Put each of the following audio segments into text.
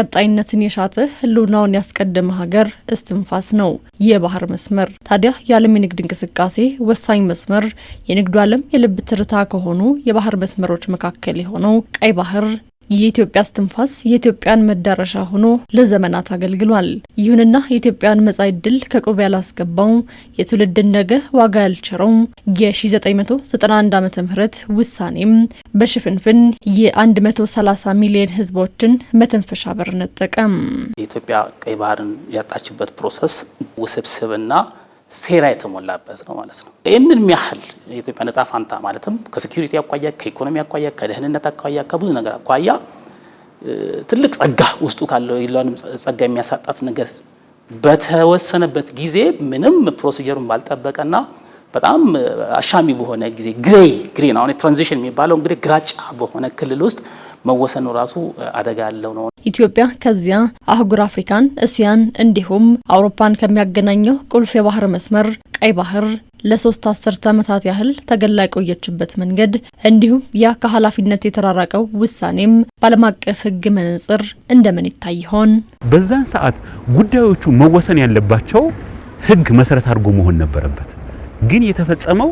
ቀጣይነትን የሻተ ህልውናውን ያስቀደመ ሀገር እስትንፋስ ነው የባህር መስመር። ታዲያ የዓለም የንግድ እንቅስቃሴ ወሳኝ መስመር የንግዱ ዓለም የልብ ትርታ ከሆኑ የባህር መስመሮች መካከል የሆነው ቀይ ባህር የኢትዮጵያ እስትንፋስ የኢትዮጵያን መዳረሻ ሆኖ ለዘመናት አገልግሏል። ይሁንና የኢትዮጵያን መጻኢ ዕድል ከቁብ ያላስገባው የትውልድን ነገ ዋጋ ያልቸረው የ1991 ዓ ም ውሳኔም በሽፍንፍን የ130 ሚሊዮን ህዝቦችን መተንፈሻ በር ነጠቀም። የኢትዮጵያ ቀይ ባህርን ያጣችበት ፕሮሰስ ውስብስብና ሴራ የተሞላበት ነው ማለት ነው። ይህንን ያህል የኢትዮጵያ ነጣ ፋንታ ማለትም ከሴኩሪቲ አኳያ፣ ከኢኮኖሚ አኳያ፣ ከደህንነት አኳያ፣ ከብዙ ነገር አኳያ ትልቅ ጸጋ ውስጡ ካለው የሌላውንም ጸጋ የሚያሳጣት ነገር በተወሰነበት ጊዜ ምንም ፕሮሲጀሩን ባልጠበቀና በጣም አሻሚ በሆነ ጊዜ ግሬ ግሬ አሁን ትራንዚሽን የሚባለው እንግዲህ ግራጫ በሆነ ክልል ውስጥ መወሰኑ ራሱ አደጋ ያለው ነው። ኢትዮጵያ ከዚያ አህጉር አፍሪካን፣ እስያን እንዲሁም አውሮፓን ከሚያገናኘው ቁልፍ የባህር መስመር ቀይ ባህር ለሶስት አስርተ ዓመታት ያህል ተገላ የቆየችበት መንገድ እንዲሁም ያ ከኃላፊነት የተራራቀው ውሳኔም በዓለም አቀፍ ሕግ መነጽር እንደምን ይታይ ይሆን? በዛን ሰዓት ጉዳዮቹ መወሰን ያለባቸው ሕግ መሰረት አድርጎ መሆን ነበረበት። ግን የተፈጸመው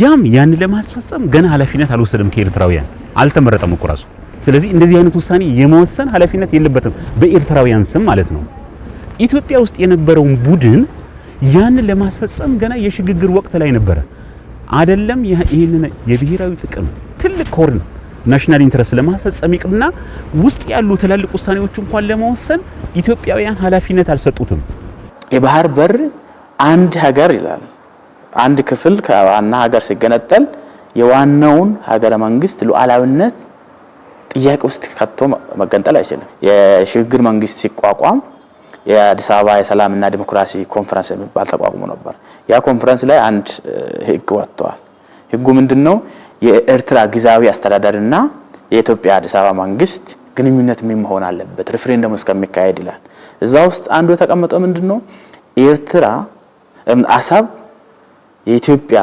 ያም ያን ለማስፈጸም ገና ኃላፊነት አልወሰደም። ከኤርትራውያን አልተመረጠም እኮ ራሱ ስለዚህ እንደዚህ አይነት ውሳኔ የመወሰን ኃላፊነት የለበትም፣ በኤርትራውያን ስም ማለት ነው። ኢትዮጵያ ውስጥ የነበረውን ቡድን ያንን ለማስፈጸም ገና የሽግግር ወቅት ላይ ነበረ። አደለም ይህንን የብሔራዊ ጥቅም ትልቅ ኮርን ናሽናል ኢንትረስት ለማስፈጸም ይቅርና ውስጥ ያሉ ትላልቅ ውሳኔዎች እንኳን ለመወሰን ኢትዮጵያውያን ኃላፊነት አልሰጡትም። የባህር በር አንድ ሀገር ይላል። አንድ ክፍል ከዋና ሀገር ሲገነጠል የዋናውን ሀገረ መንግስት ሉዓላዊነት ጥያቄ ውስጥ ከቶ መገንጠል አይችልም። የሽግግር መንግስት ሲቋቋም የአዲስ አበባ የሰላምና ዲሞክራሲ ኮንፈረንስ የሚባል ተቋቁሞ ነበር። ያ ኮንፈረንስ ላይ አንድ ህግ ወጥተዋል። ህጉ ምንድን ነው? የኤርትራ ጊዜያዊ አስተዳደርና የኢትዮጵያ አዲስ አበባ መንግስት ግንኙነት ምን መሆን አለበት ሪፍሬንደም እስከሚካሄድ ይላል። እዛ ውስጥ አንዱ የተቀመጠው ምንድን ነው? ኤርትራ አሰብ የኢትዮጵያ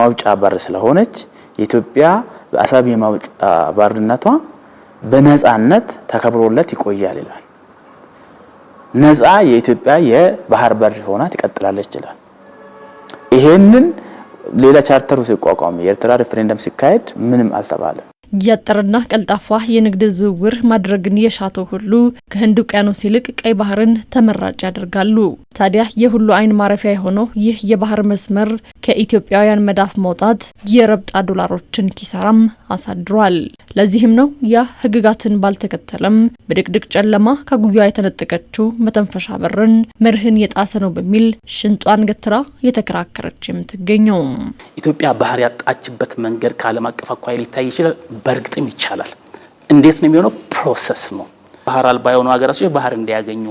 ማውጫ በር ስለሆነች የኢትዮጵያ አሳብ የማውጫ ባርነቷ በነጻነት ተከብሮለት ይቆያል ይላል። ነጻ የኢትዮጵያ የባህር በር ሆና ትቀጥላለች ይችላል። ይሄንን ሌላ ቻርተሩ ሲቋቋም የኤርትራ ሬፈረንደም ሲካሄድ ምንም አልተባለም። እያጠረና ቀልጣፋ የንግድ ዝውውር ማድረግን የሻተው ሁሉ ከህንድ ውቅያኖስ ይልቅ ቀይ ባህርን ተመራጭ ያደርጋሉ። ታዲያ የሁሉ አይን ማረፊያ የሆነው ይህ የባህር መስመር ከኢትዮጵያውያን መዳፍ መውጣት የረብጣ ዶላሮችን ኪሳራም አሳድሯል። ለዚህም ነው ያ ህግጋትን ባልተከተለም በድቅድቅ ጨለማ ከጉያ የተነጠቀችው መተንፈሻ በርን መርህን የጣሰ ነው በሚል ሽንጧን ገትራ እየተከራከረች የምትገኘው። ኢትዮጵያ ባህር ያጣችበት መንገድ ከዓለም አቀፍ አኳያ ሊታይ ይችላል። በእርግጥም ይቻላል። እንዴት ነው የሚሆነው? ፕሮሰስ ነው። ባህር አልባ የሆኑ ሀገራቶች ባህር እንዲያገኙ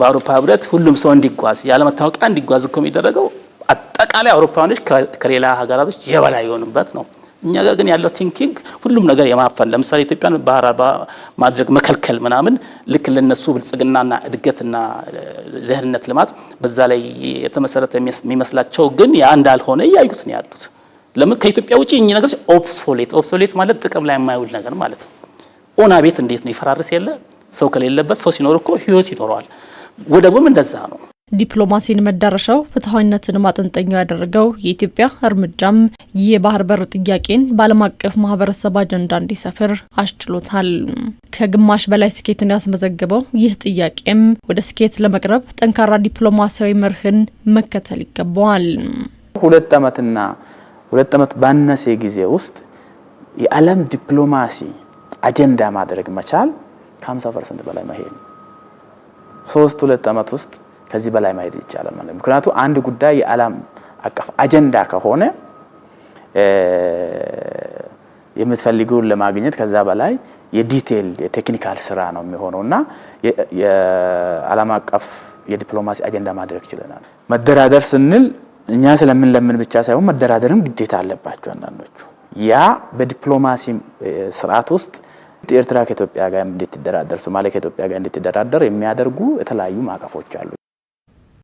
በአውሮፓ ህብረት ሁሉም ሰው እንዲጓዝ ያለመታወቂያ እንዲጓዝ እኮ የሚደረገው አጠቃላይ አውሮፓውያኖች ከሌላ ሀገራቶች የበላይ የሆኑበት ነው። እኛ ጋር ግን ያለው ቲንኪንግ ሁሉም ነገር የማፈን ለምሳሌ ኢትዮጵያን ባህር አልባ ማድረግ መከልከል ምናምን ልክ ለነሱ ብልጽግናና እድገትና ደህንነት ልማት በዛ ላይ የተመሰረተ የሚመስላቸው ግን ያ እንዳልሆነ እያዩት ነው ያሉት። ለምን ከኢትዮጵያ ውጪ እኚህ ነገሮች ኦብሶሌት ኦብሶሌት ማለት ጥቅም ላይ የማይውል ነገር ማለት ነው። ኦና ቤት እንዴት ነው ይፈራርስ የለ ሰው ከሌለበት ሰው ሲኖር እኮ ህይወት ይኖረዋል። ወደቡም እንደዛ ነው። ዲፕሎማሲን መዳረሻው ፍትሐዊነትን ማጠንጠኛው ያደረገው የኢትዮጵያ እርምጃም የባህር በር ጥያቄን በዓለም አቀፍ ማህበረሰብ አጀንዳ እንዲሰፍር አስችሎታል። ከግማሽ በላይ ስኬትን ያስመዘገበው ይህ ጥያቄም ወደ ስኬት ለመቅረብ ጠንካራ ዲፕሎማሲያዊ መርህን መከተል ይገባዋል። ሁለት ዓመትና ሁለት ዓመት ባነሴ ጊዜ ውስጥ የዓለም ዲፕሎማሲ አጀንዳ ማድረግ መቻል ከ50 ፐርሰንት በላይ መሄድ ሶስት ሁለት ዓመት ውስጥ ከዚህ በላይ ማየት ይቻላል ማለት ምክንያቱ አንድ ጉዳይ የዓለም አቀፍ አጀንዳ ከሆነ የምትፈልገውን ለማግኘት ከዛ በላይ የዲቴል የቴክኒካል ስራ ነው የሚሆነው እና የዓለም አቀፍ የዲፕሎማሲ አጀንዳ ማድረግ ችለናል። መደራደር ስንል እኛ ስለምን ለምን ብቻ ሳይሆን መደራደርም ግዴታ አለባቸው አንዳንዶቹ። ያ በዲፕሎማሲ ስርዓት ውስጥ ኤርትራ ከኢትዮጵያ ጋር እንድትደራደር፣ ሶማሌ ከኢትዮጵያ ጋር እንድትደራደር የሚያደርጉ የተለያዩ ማዕቀፎች አሉ።